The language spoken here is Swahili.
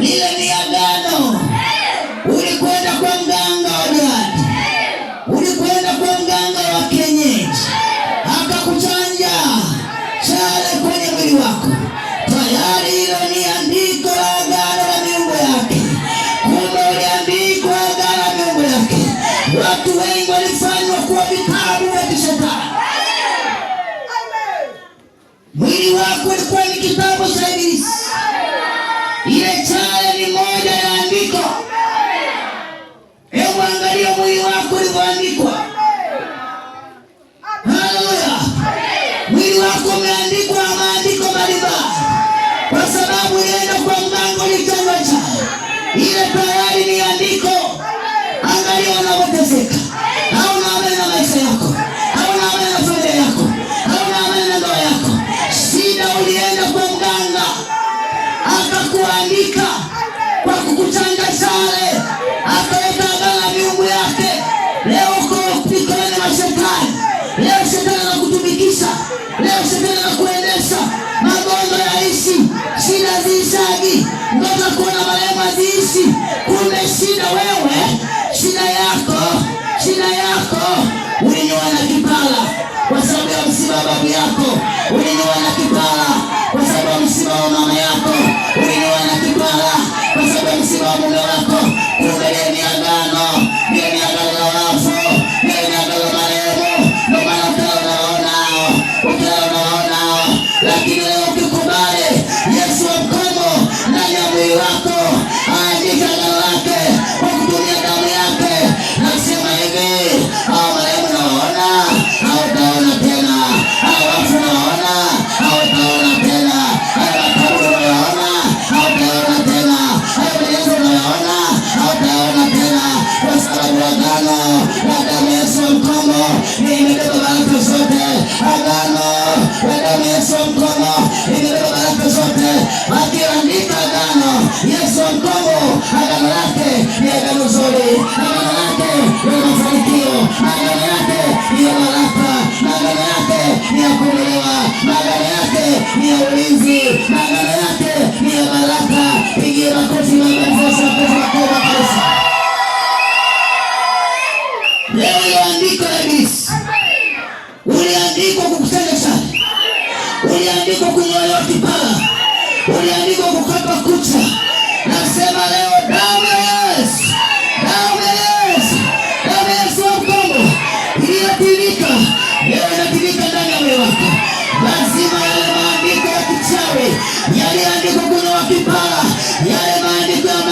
lile ni agano. Ulikwenda kwa mganga wa jadi, ulikwenda kwa mganga wa kienyeji, akakuchanja chale kwenye mwili wako. Tayari hilo ni andiko la agano la miungu yake. Kumbe uliandikwa agano la miungu yake. Watu wengi walifanywa kuwa vitabu vya kishetani. Mwili wako ulikuwa ni kitabu cha Ibilisi. Ile chale ni moja ya andiko. Hebu angalia mwili wako ulivyoandikwa. Haleluya! Mwili wako umeandikwa kuandika kwa kukuchanga sare akaleta agano miungu yake. Leo uko mikononi na shetani, leo shetani anakutumikisha, leo shetani anakuendesha. Magonjwa yaishi, shida ziishagi, ndoto kuona marehemu aziishi. Kumbe shida wewe Yesu mkomo ndani ya mwili wako. Kongo, agano lake ni agano zuri, agano lake ni mafanikio, agano lake ni ya baraka, agano lake ni ya kuelewa, agano lake ni ya ulinzi, agano lake ni ya baraka. Pigie makofi kabisa. Leo uliandikwa kabisa, uliandikwa kukusanya sana, uliandikwa kunyolewa kipara, uliandikwa kukatwa kucha Nasema leo damu ya Yesu, damu ya Yesu, damu ya Yesu wa inatimika leo, inatimika ndani ya moyo wako. Lazima yale maandiko ya kichawi yaliandikwa kuna wakipala yale maandiko